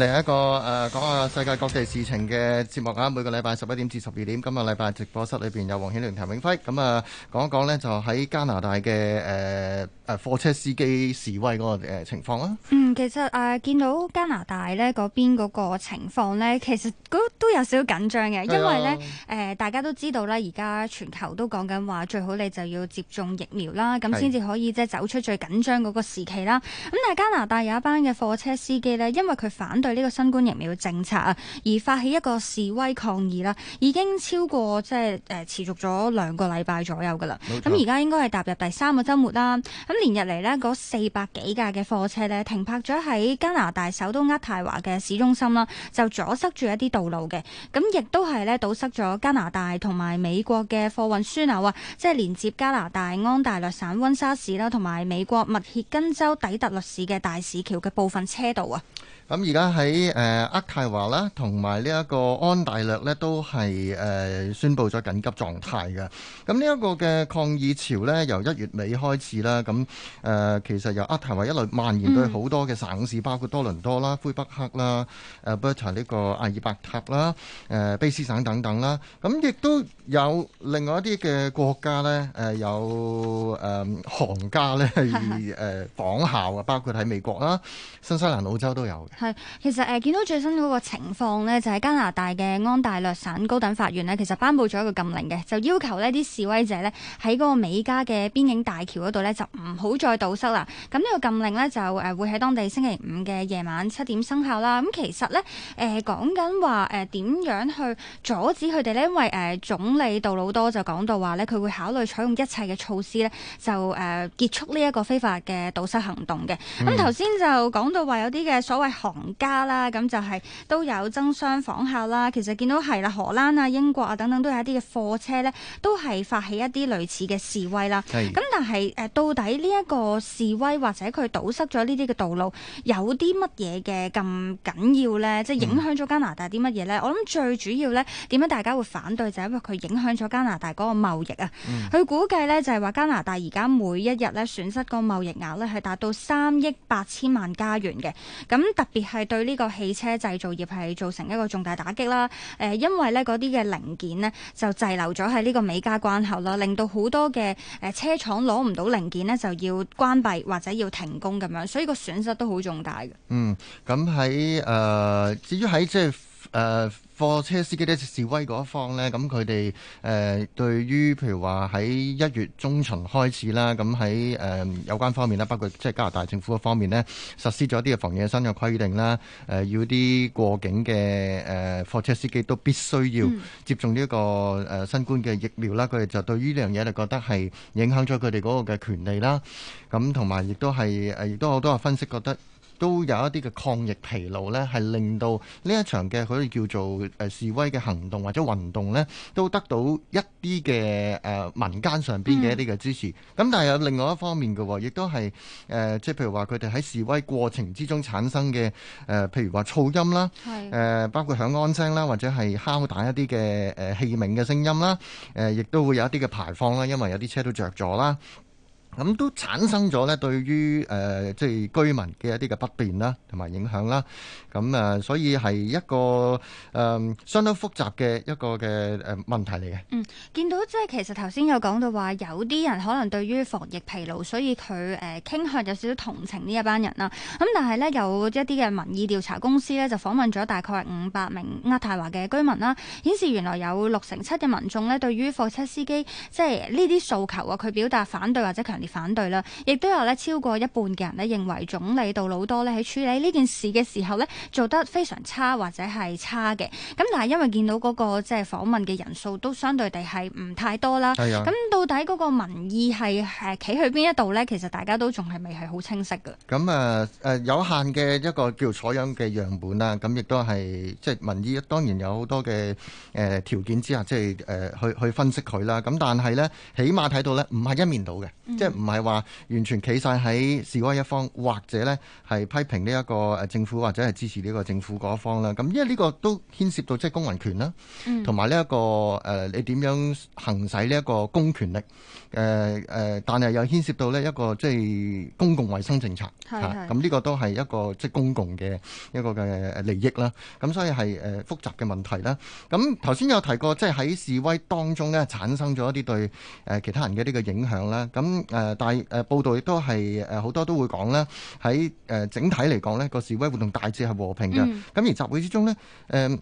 另一個誒、呃，講下世界各地事情嘅節目啊，每個禮拜十一點至十二點，今日禮拜直播室裏邊有黃曉玲、譚永輝，咁、嗯、啊講一講呢就喺加拿大嘅誒誒貨車司機示威嗰個誒情況啊。嗯，其實誒、呃、見到加拿大呢嗰邊嗰個情況呢，其實都，都有少少緊張嘅，因為呢誒是的、呃、大家都知道啦，而家全球都講緊話，最好你就要接種疫苗啦，咁先至可以即係是的 走出最緊張嗰個時期啦。咁但係加拿大有一班嘅貨車司機呢，因為佢反對。呢個新冠疫苗政策啊，而發起一個示威抗議啦，已經超過即係誒持續咗兩個禮拜左右㗎喇。咁而家應該係踏入第三個周末啦。咁連日嚟呢，嗰四百幾架嘅貨車呢，停泊咗喺加拿大首都渥太華嘅市中心啦，就阻塞住一啲道路嘅。咁亦都係呢，堵塞咗加拿大同埋美國嘅貨運樞紐啊，即係連接加拿大安大略省溫莎市啦，同埋美國密歇根州底特律市嘅大市橋嘅部分車道啊。咁而家喺誒渥太華啦，同埋呢一個安大略呢，都係誒宣布咗緊急狀態嘅。咁呢一個嘅抗議潮呢，由一月尾開始啦。咁誒其實由渥太華一路蔓延到好多嘅省市，嗯、包括多倫多啦、魁北克啦、誒阿伯塔呢個艾爾伯塔啦、誒、呃、卑斯省等等啦。咁亦都有另外一啲嘅國家呢，誒有誒行家呢，係誒仿效，啊，包括喺美國啦、新西蘭、澳洲都有嘅。係，其實誒、呃、見到最新嗰個情況呢，就係、是、加拿大嘅安大略省高等法院呢，其實頒佈咗一個禁令嘅，就要求呢啲示威者呢，喺嗰個美加嘅邊境大橋嗰度呢，就唔好再堵塞啦。咁呢個禁令呢，就誒、呃、會喺當地星期五嘅夜晚七點生效啦。咁其實呢，誒講緊話誒點樣去阻止佢哋呢？因為誒、呃、總理杜魯多就講到話呢，佢會考慮採用一切嘅措施呢，就誒、呃、結束呢一個非法嘅堵塞行動嘅。咁頭先就講到話有啲嘅所謂皇家啦，咁就係都有爭相仿效啦。其實見到係啦，荷蘭啊、英國啊等等都有一啲嘅貨車咧，都係發起一啲類似嘅示威啦。咁是但係誒、呃、到底呢一個示威或者佢堵塞咗呢啲嘅道路，有啲乜嘢嘅咁緊要咧？即係影響咗加拿大啲乜嘢咧？嗯、我諗最主要咧，點解大家會反對就係、是、因為佢影響咗加拿大嗰個貿易啊。佢、嗯、估計咧就係話加拿大而家每一日咧損失個貿易額咧係達到三億八千萬加元嘅。咁特別。係對呢個汽車製造業係造成一個重大打擊啦！誒、呃，因為咧嗰啲嘅零件呢，就滯留咗喺呢個美加關口啦，令到好多嘅誒、呃、車廠攞唔到零件呢，就要關閉或者要停工咁樣，所以個損失都好重大嘅。嗯，咁喺誒至於喺即係。誒、呃、貨車司機呢，示威嗰一方呢，咁佢哋誒對於譬如話喺一月中旬開始啦，咁喺誒有關方面啦，包括即係加拿大政府嗰方面呢，實施咗啲嘅防疫新嘅規定啦，誒要啲過境嘅誒、呃、貨車司機都必須要接種呢一個誒新冠嘅疫苗啦。佢哋、嗯、就對於呢樣嘢就覺得係影響咗佢哋嗰個嘅權利啦。咁同埋亦都係誒，亦、啊、都好多人分析覺得。都有一啲嘅抗疫疲勞呢，係令到呢一場嘅可以叫做誒示威嘅行動或者運動呢，都得到一啲嘅誒民間上邊嘅一啲嘅支持。咁、嗯、但係有另外一方面嘅、哦，亦都係誒、呃，即係譬如話佢哋喺示威過程之中產生嘅誒、呃，譬如話噪音啦，誒的、呃、包括響安聲啦，或者係敲打一啲嘅誒器皿嘅聲音啦，誒、呃、亦都會有一啲嘅排放啦，因為有啲車都着咗啦。咁都產生咗呢，對於誒即係居民嘅一啲嘅不便啦，同埋影響啦。咁啊，所以係一個誒、呃、相當複雜嘅一個嘅誒問題嚟嘅。嗯，見到即、就、係、是、其實頭先有講到話，有啲人可能對於防疫疲勞，所以佢誒、呃、傾向有少少同情呢一班人啦。咁但係呢，有一啲嘅民意調查公司呢，就訪問咗大概五百名渥太華嘅居民啦，顯示原來有六成七嘅民眾呢，對於貨車司機即係呢啲訴求啊，佢表達反對或者強反對啦，亦都有咧超過一半嘅人咧認為總理到老多咧喺處理呢件事嘅時候咧做得非常差或者係差嘅。咁但係因為見到嗰個即係訪問嘅人數都相對地係唔太多啦。咁的到底嗰個民意係誒企去邊一度呢？其實大家都仲係未係好清晰噶。咁啊，誒有限嘅一個叫採樣嘅樣本啦。咁亦都係即係民意，當然有好多嘅誒條件之下，即係誒去去分析佢啦。咁但係呢，起碼睇到呢，唔係一面倒嘅，即唔係話完全企晒喺示威一方，或者咧係批評呢一個誒政府，或者係支持呢個政府嗰一方啦。咁因為呢個都牽涉到即係公民權啦，同埋呢一個誒、呃、你點樣行使呢一個公權力。誒、呃、誒、呃，但係又牽涉到呢一個即係、就是、公共衛生政策嚇。咁呢是、啊這個都係一個即係、就是、公共嘅一個嘅利益啦。咁、啊、所以係誒複雜嘅問題啦。咁頭先有提過即係喺示威當中咧產生咗一啲對誒其他人嘅呢個影響啦。咁、啊誒，但係誒、呃、報道亦都係誒好多都會講啦。喺誒、呃、整體嚟講呢個示威活動大致係和平嘅。咁、嗯、而集會之中呢，誒、呃、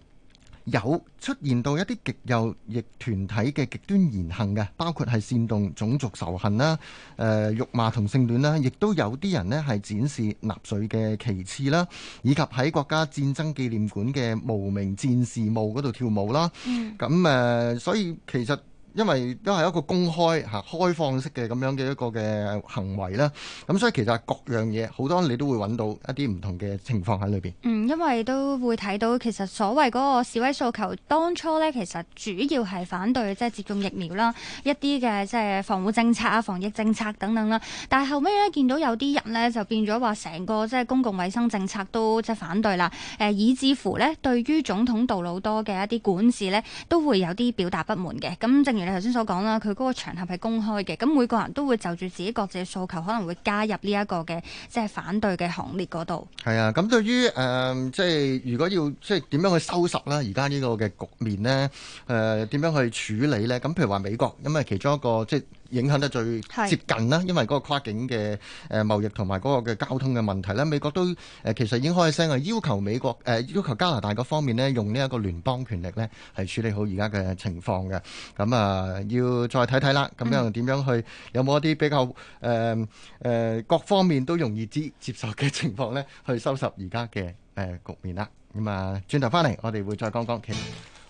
有出現到一啲極右翼團體嘅極端言行嘅，包括係煽動種族仇恨啦、誒、呃、辱罵同性戀啦，亦都有啲人呢係展示納粹嘅旗幟啦，以及喺國家戰爭紀念館嘅無名戰士墓嗰度跳舞啦。咁誒、嗯嗯呃，所以其實。因為都係一個公開嚇開放式嘅咁樣嘅一個嘅行為啦，咁所以其實各樣嘢好多你都會揾到一啲唔同嘅情況喺裏邊。嗯，因為都會睇到其實所謂嗰個示威訴求當初呢其實主要係反對即係接種疫苗啦，一啲嘅即係防護政策啊、防疫政策等等啦。但係後尾呢，見到有啲人呢就變咗話成個即係公共衛生政策都即係反對啦，誒以至乎呢，對於總統杜魯多嘅一啲管治呢，都會有啲表達不滿嘅。咁正如。頭先所講啦，佢嗰個場合係公開嘅，咁每個人都會就住自己各自嘅訴求，可能會加入呢一個嘅即係反對嘅行列嗰度。係啊，咁對於誒、呃、即係如果要即係點樣去收拾呢？而家呢個嘅局面呢，誒點樣去處理呢？咁譬如話美國咁啊，因為其中一個即係。影響得最接近啦，因為嗰個跨境嘅誒貿易同埋嗰個嘅交通嘅問題咧，美國都誒其實已經開聲係要求美國誒、呃、要求加拿大嗰方面呢，用呢一個聯邦權力呢，係處理好而家嘅情況嘅。咁啊、呃，要再睇睇啦，咁樣點樣去有冇一啲比較誒誒、呃呃、各方面都容易接接受嘅情況呢？去收拾而家嘅誒局面啦。咁啊，轉頭返嚟，我哋會再講講。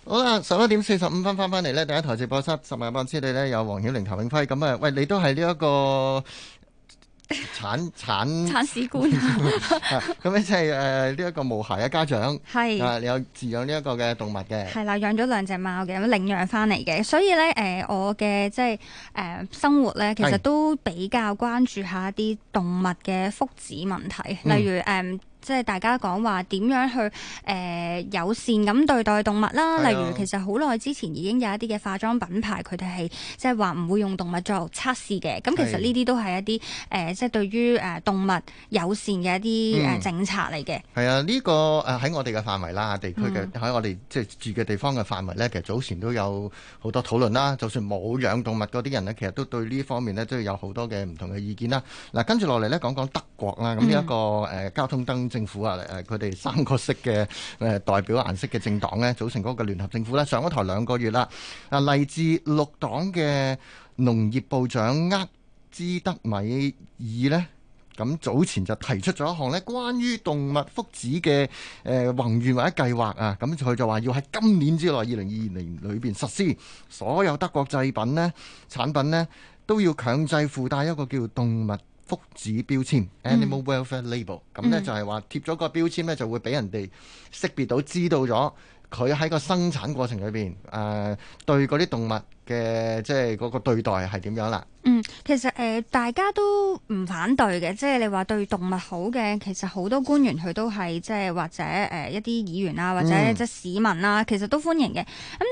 好啦，十一點四十五分翻翻嚟咧，第一台直播室十萬磅之裏咧有黃曉玲、陶永輝，咁、嗯、啊，喂，你都係呢一個鏟鏟鏟屎官啊， 啊！咁咧即係誒呢一個無孩嘅家長，係是啊，你有飼養呢一個嘅動物嘅，係啦，養咗兩隻貓嘅，領養翻嚟嘅，所以咧誒、呃，我嘅即係誒生活咧，其實都比較關注一下一啲動物嘅福祉問題，例如誒。嗯即係大家講話點樣去誒、呃、友善咁對待動物啦？例如其實好耐之前已經有一啲嘅化妝品牌，佢哋係即係話唔會用動物作測試嘅。咁其實呢啲都係一啲誒、呃、即係對於誒動物友善嘅一啲誒政策嚟嘅。係、嗯、啊，呢、這個誒喺、呃、我哋嘅範圍啦，地區嘅喺我哋即係住嘅地方嘅範圍呢。其實早前都有好多討論啦。就算冇養動物嗰啲人呢，其實都對呢方面呢都有好多嘅唔同嘅意見啦。嗱、啊，跟住落嚟呢講講德國啦，咁呢一個誒交通燈。嗯政府啊，誒佢哋三個色嘅誒代表顏色嘅政黨咧，組成嗰個聯合政府啦，上咗台兩個月啦。啊，嚟自綠黨嘅農業部長厄茲德米爾咧，咁早前就提出咗一項咧，關於動物福祉嘅誒宏願或者計劃啊，咁、嗯、佢就話要喺今年之內二零二零年裏邊實施，所有德國製品咧產品咧都要強制附帶一個叫動物。福祉標籤 （animal welfare label） 咁呢、嗯、就係話貼咗個標籤呢，就會俾人哋識別到，嗯、知道咗佢喺個生產過程裏邊誒對嗰啲動物嘅即係嗰個對待係點樣啦。其實誒、呃，大家都唔反對嘅，即係你話對動物好嘅，其實好多官員佢都係即係或者誒、呃、一啲議員啊，或者、嗯、即係市民啊，其實都歡迎嘅。咁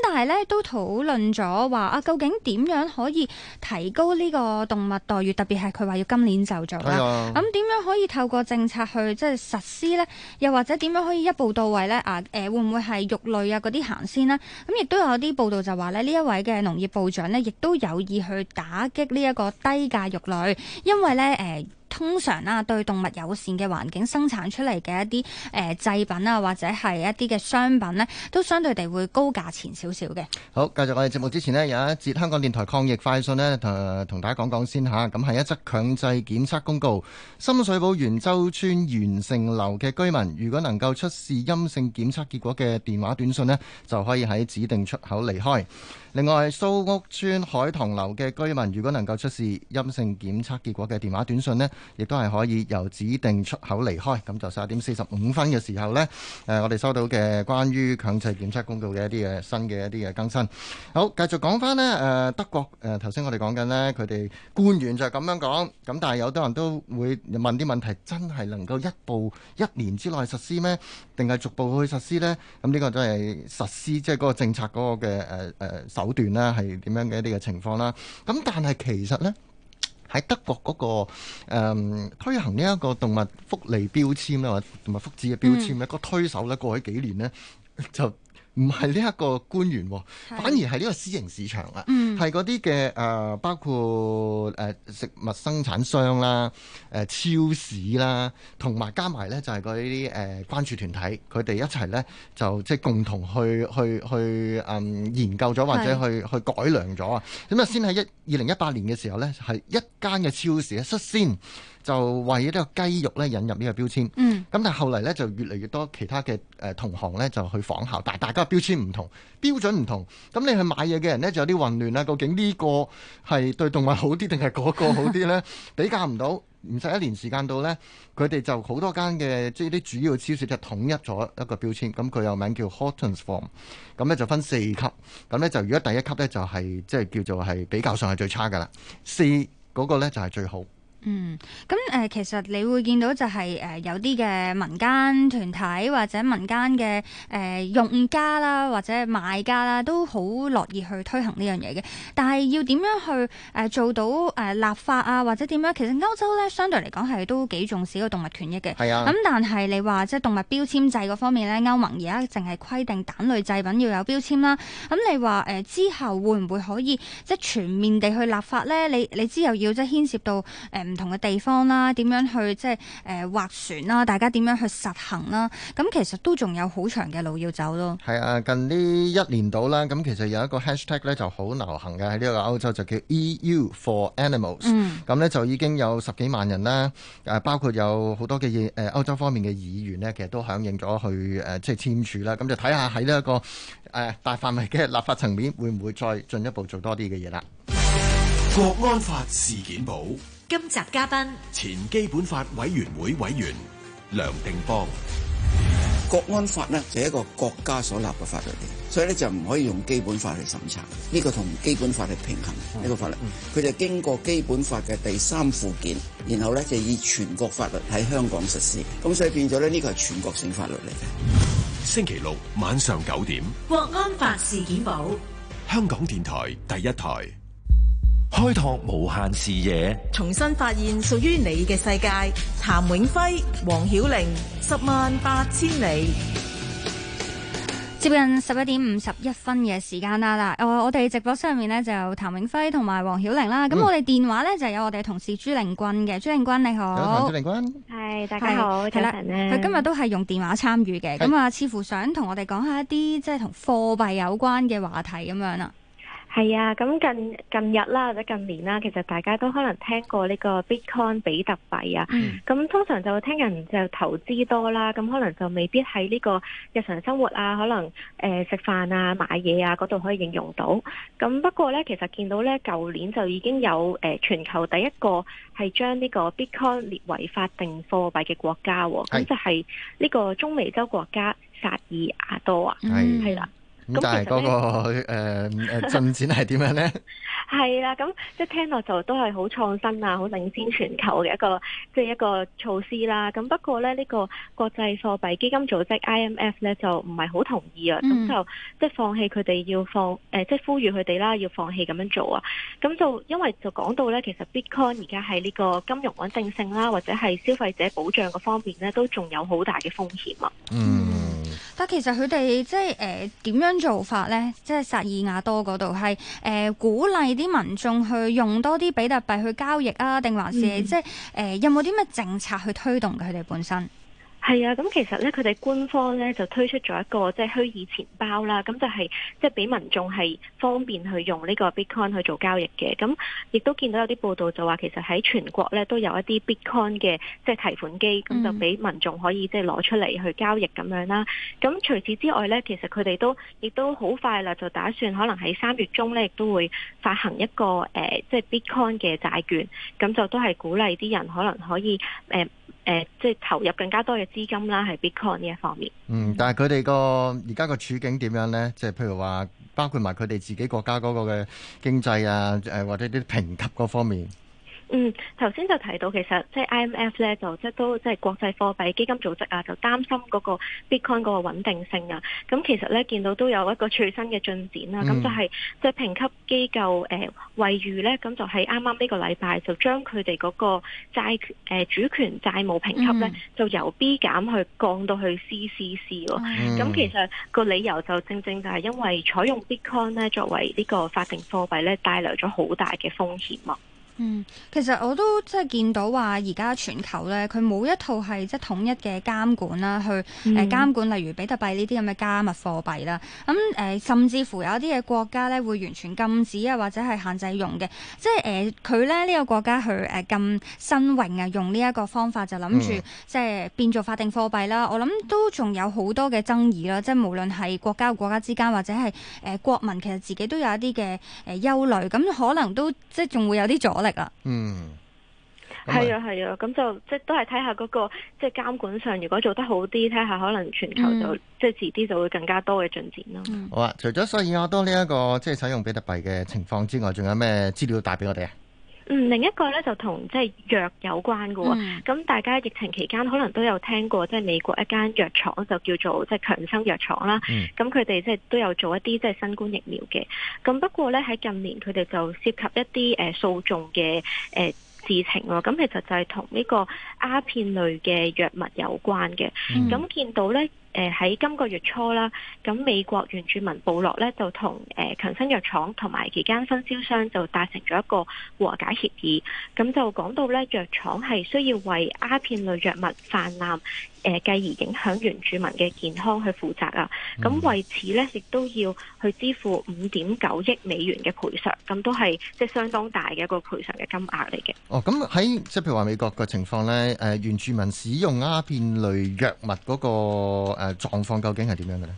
但係咧都討論咗話啊，究竟點樣可以提高呢個動物待遇？特別係佢話要今年就做啦。咁點、哎呀、嗯、樣可以透過政策去即係實施咧？又或者點樣可以一步到位咧？啊誒，會唔會係肉類啊嗰啲行先呢？咁、嗯、亦都有啲報道就話咧呢一位嘅農業部長呢，亦都有意去打擊呢一。個低價肉類，因為咧誒。通常啦、啊，對動物友善嘅環境生產出嚟嘅一啲誒、呃、製品啊，或者係一啲嘅商品呢、啊，都相對地會高價錢少少嘅。好，繼續我哋節目之前呢，有一節香港電台抗疫快訊呢，同、呃、同大家講講先嚇。咁、啊、係一則強制檢測公告，深水埗元州邨元盛樓嘅居民，如果能夠出示陰性檢測結果嘅電話短信呢，就可以喺指定出口離開。另外，蘇屋邨海棠樓嘅居民，如果能夠出示陰性檢測結果嘅電話短信呢，亦都係可以由指定出口離開。咁就十一點四十五分嘅時候呢，誒、呃，我哋收到嘅關於強制檢測公告嘅一啲嘅新嘅一啲嘅更新。好，繼續講翻呢。誒、呃，德國，誒、呃，頭先我哋講緊呢，佢哋官員就係咁樣講。咁但係有好多人都會問啲問題：真係能夠一步一年之內實施咩？定係逐步去實施呢？咁呢個都係實施即係嗰個政策嗰個嘅誒誒手段啦，係點樣嘅一啲嘅情況啦。咁但係其實呢。喺德國嗰、那個、嗯、推行呢一個動物福利標籤咧，同埋福祉嘅標籤咧，嗯、個推手咧，過咗幾年呢。就。唔係呢一個官員喎，反而係呢個私營市場啊，係嗰啲嘅誒，包括誒食物生產商啦、誒、呃、超市啦，同埋加埋咧就係嗰啲誒關注團體，佢哋一齊咧就即係、就是、共同去去去嗯研究咗或者去去改良咗啊，咁啊是先喺一二零一八年嘅時候咧，係一間嘅超市率先。就為呢個雞肉咧引入呢個標籤，咁、嗯、但係後嚟咧就越嚟越多其他嘅誒同行咧就去仿效，但係大家標籤唔同，標準唔同，咁你去買嘢嘅人咧就有啲混亂啦。究竟呢個係對動物好啲定係嗰個好啲咧？ 比較唔到，唔使一年時間到咧，佢哋就好多間嘅即係啲主要超市就統一咗一個標籤，咁佢又名叫 Haltungsform，咁咧就分四級，咁咧就如果第一級咧就係即係叫做係比較上係最差噶啦，四嗰個咧就係最好。嗯，咁、嗯、誒，其實你會見到就係、是、誒、呃、有啲嘅民間團體或者民間嘅誒用家啦，或者買家啦，都好樂意去推行呢樣嘢嘅。但係要點樣去誒、呃、做到誒、呃、立法啊，或者點樣？其實歐洲咧，相對嚟講，係都幾重視個動物權益嘅。係啊。咁、嗯、但係你話，即、就、係、是、動物標籤制嗰方面咧，歐盟而家淨係規定蛋類製品要有標籤啦。咁、嗯、你話誒、呃、之後會唔會可以即係、就是、全面地去立法咧？你你，你之後要即係牽涉到誒。呃唔同嘅地方啦，點樣去即係誒劃船啦？大家點樣去實行啦？咁其實都仲有好長嘅路要走咯。係啊，近呢一年度啦，咁其實有一個 hashtag 咧就好流行嘅，喺呢個歐洲就叫 EU for Animals。嗯。咁呢，就已經有十幾萬人啦，誒，包括有好多嘅議誒歐洲方面嘅議員呢，其實都響應咗去誒、呃、即係簽署啦。咁就睇下喺呢一個誒、呃、大範圍嘅立法層面，會唔會再進一步做多啲嘅嘢啦？國安法事件簿。今集嘉賓，前基本法委員會委員梁定邦。國安法呢，就係一個國家所立嘅法律，所以咧就唔可以用基本法嚟審查，呢個同基本法係平衡一個法律，佢就經過基本法嘅第三附件，然後咧就以全國法律喺香港實施，咁所以變咗咧呢個係全國性法律嚟嘅。星期六晚上九點，國安法事件簿，香港電台第一台。開拓無限視野，重新發現屬於你嘅世界。譚永輝、黃曉玲，十萬八千里。接近十一點五十一分嘅時間啦，啦、哦，我我哋直播室入面呢，就有譚永輝同埋黃曉玲啦。咁、嗯、我哋電話呢，就有我哋同事朱令筠嘅。朱令筠你好。有朱令筠。係大家好。係啦是，佢、啊、今日都係用電話參與嘅。咁啊是，似乎想同我哋講下一啲即係同貨幣有關嘅話題咁樣啦。係啊，咁近近日啦，或者近年啦，其實大家都可能聽過呢個 Bitcoin 比特幣啊。咁、嗯、通常就聽人就投資多啦，咁可能就未必喺呢個日常生活啊，可能誒食飯啊、買嘢啊嗰度可以應用到。咁不過呢，其實見到呢，舊年就已經有誒、呃、全球第一個係將呢個 Bitcoin 列為法定貨幣嘅國家喎、啊。咁是就係呢個中美洲國家薩爾瓦多啊。係、嗯。啦是。咁但係、那、嗰個誒誒進展係點樣咧？係啦， 咁即係聽落就都係好創新啊，好領先全球嘅一個即係一個措施啦。咁不過咧，呢個國際貨幣基金組織 IMF 咧就唔係好同意啊。咁、嗯、就即係放棄佢哋要放誒，即係呼籲佢哋啦，要放棄咁樣做啊。咁就因為就講到咧，其實 Bitcoin 而家喺呢個金融穩定性啦，或者係消費者保障嘅方面咧，都仲有好大嘅風險啊。嗯。但其實佢哋即係誒點樣做法咧？即係薩爾瓦多嗰度係誒鼓勵啲民眾去用多啲比特幣去交易啊？定還是、嗯、即係誒、呃、有冇啲咩政策去推動佢哋本身？係啊，咁其實咧，佢哋官方咧就推出咗一個即係虛擬錢包啦，咁就係即係俾民眾係方便去用呢個 Bitcoin 去做交易嘅。咁亦都見到有啲報道就話，其實喺全國咧都有一啲 Bitcoin 嘅即係提款機，咁就俾民眾可以即係攞出嚟去交易咁樣啦。咁、嗯、除此之外咧，其實佢哋都亦都好快啦，就打算可能喺三月中咧，亦都會發行一個誒即係 Bitcoin 嘅債券，咁就都、係、係鼓勵啲人可能可以誒。誒，即係投入更加多嘅資金啦，係 Bitcoin 呢一方面。嗯，但係佢哋個而家個處境點樣咧？即係譬如話，包括埋佢哋自己國家嗰個嘅經濟啊，誒或者啲評級嗰方面。嗯，頭先就提到其實即係 IMF 咧，就即都即係國際貨幣基金組織啊，就擔心嗰個 Bitcoin 嗰個穩定性啊。咁、啊、其實咧見到都有一個最新嘅進展啦、啊，咁、嗯、就係即係評級機構誒惠譽咧，咁、呃、就係啱啱呢個禮拜就將佢哋嗰個債誒、呃、主權債務評級咧，嗯、就由 B 減去降到去 CCC 喎、啊。咁、嗯、其實個理由就正正，正就係因為採用 Bitcoin 咧作為呢個法定貨幣咧，帶來咗好大嘅風險啊。嗯，其實我都即係見到話而家全球咧，佢冇一套係即係統一嘅監管啦，去誒監、嗯、管例如比特幣呢啲咁嘅加密貨幣啦。咁、嗯、誒、呃、甚至乎有一啲嘅國家咧會完全禁止啊，或者係限制用嘅。即係誒佢咧呢、這個國家去誒咁新穎啊，用呢一個方法就諗住、嗯、即係變做法定貨幣啦。我諗都仲有好多嘅爭議啦，即係無論係國家國家之間，或者係誒、呃、國民其實自己都有一啲嘅誒憂慮，咁、嗯、可能都即係仲會有啲阻啊，嗯，係啊，係啊，咁就即係都係睇下嗰個即係監管上，如果做得好啲，睇下可能全球就、嗯、就即係遲啲就會更加多嘅進展咯。嗯、好啊，除咗薩爾瓦多呢、這、一個即係使用比特幣嘅情況之外，仲有咩資料帶俾我哋啊？嗯，另一個咧就同即係藥有關嘅喎，咁、嗯、大家疫情期間可能都有聽過，即係美國一間藥廠就叫做即係強生藥廠啦，咁佢哋即係都有做一啲即係新冠疫苗嘅，咁不過咧喺近年佢哋就涉及一啲誒、呃、訴訟嘅誒事情咯，咁其實就係同呢個阿片類嘅藥物有關嘅，咁、嗯、見到咧。誒喺今個月初啦，咁美國原住民部落咧就同誒強生藥廠同埋幾間分銷商就達成咗一個和解協議，咁就講到咧藥廠係需要為鴉片類藥物氾濫，誒、呃、繼而影響原住民嘅健康去負責啊，咁為此咧亦都要去支付五點九億美元嘅賠償，咁都係即係相當大嘅一個賠償嘅金額嚟嘅。哦，咁喺即係譬如話美國嘅情況咧，誒、呃、原住民使用鴉片類藥物嗰個。誒、啊、狀況究竟係點樣嘅呢？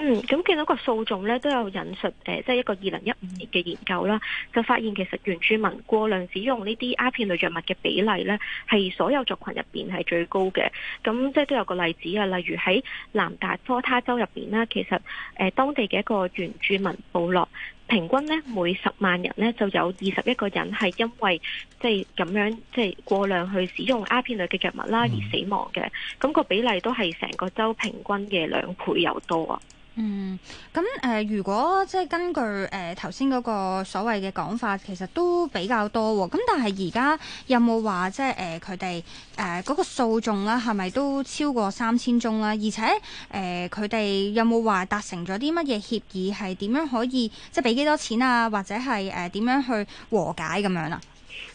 嗯，咁見到個訴訟咧，都有引述誒、呃，即係一個二零一五年嘅研究啦，就發現其實原住民過量使用呢啲鴉片類藥物嘅比例咧，係所有族群入邊係最高嘅。咁、嗯、即係都有個例子啊，例如喺南達科他州入邊啦，其實誒、呃、當地嘅一個原住民部落。平均咧，每十萬人咧，就有二十一個人係因為，即係咁樣，即係過量去使用阿片類嘅藥物啦，而死亡嘅，咁、那個比例都係成個州平均嘅兩倍有多啊。嗯，咁誒、呃，如果即係根據誒頭先嗰個所謂嘅講法，其實都比較多喎、哦。咁但係而家有冇話即係誒佢哋誒嗰個訴訟啦，係咪都超過三千宗啦、啊？而且誒佢哋有冇話達成咗啲乜嘢協議，係點樣可以即係俾幾多錢啊？或者係誒點樣去和解咁樣啊？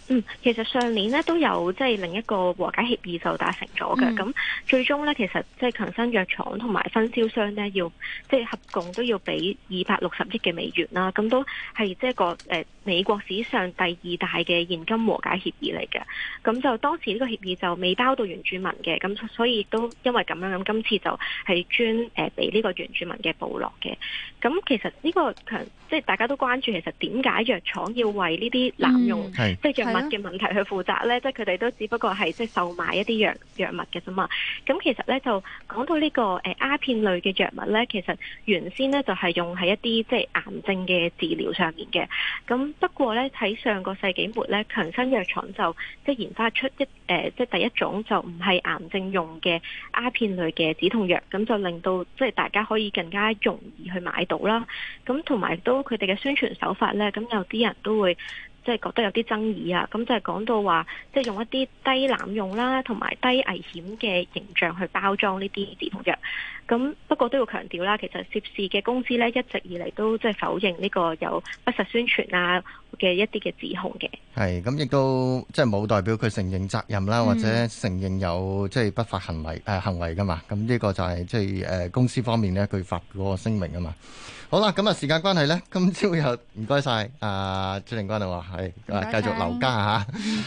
嗯，其實上年咧都有即係另一個和解協議就達成咗嘅，咁、嗯、最終咧其實即係強生藥廠同埋分銷商咧要即係、就是、合共都要俾二百六十億嘅美元啦，咁都係即係個誒美國史上第二大嘅現金和解協議嚟嘅。咁就當時呢個協議就未包到原住民嘅，咁所以都因為咁樣，咁今次就係專誒俾呢個原住民嘅部落嘅。咁其實呢個強即係、就是、大家都關注，其實點解藥廠要為呢啲濫用即係、嗯物嘅問題去負責呢，即係佢哋都只不過係即係售賣一啲藥藥物嘅啫嘛。咁其實呢，就講到呢個誒鴉片類嘅藥物呢，其實原先呢就係用喺一啲即係癌症嘅治療上面嘅。咁不過呢，喺上個世紀末呢，強生藥廠就即係研發出一誒即係第一種就唔係癌症用嘅鴉片類嘅止痛藥，咁就令到即係大家可以更加容易去買到啦。咁同埋都佢哋嘅宣傳手法呢，咁有啲人都會，即係覺得有啲爭議啊，咁就係講到話，即係用一啲低濫用啦，同埋低危險嘅形象去包裝呢啲止痛藥。咁不過都要強調啦，其實涉事嘅公司呢，一直以嚟都即係否認呢個有不實宣傳啊。嘅一啲嘅指控嘅，係咁亦都即係冇代表佢承認責任啦，或者承認有即係不法行為誒、呃、行為噶嘛。咁呢個就係、是、即係誒、呃、公司方面咧，佢發嗰個聲明啊嘛。好啦，咁啊時間關係咧，今朝又唔該晒啊朱令筠啊，係啊繼續留家吓。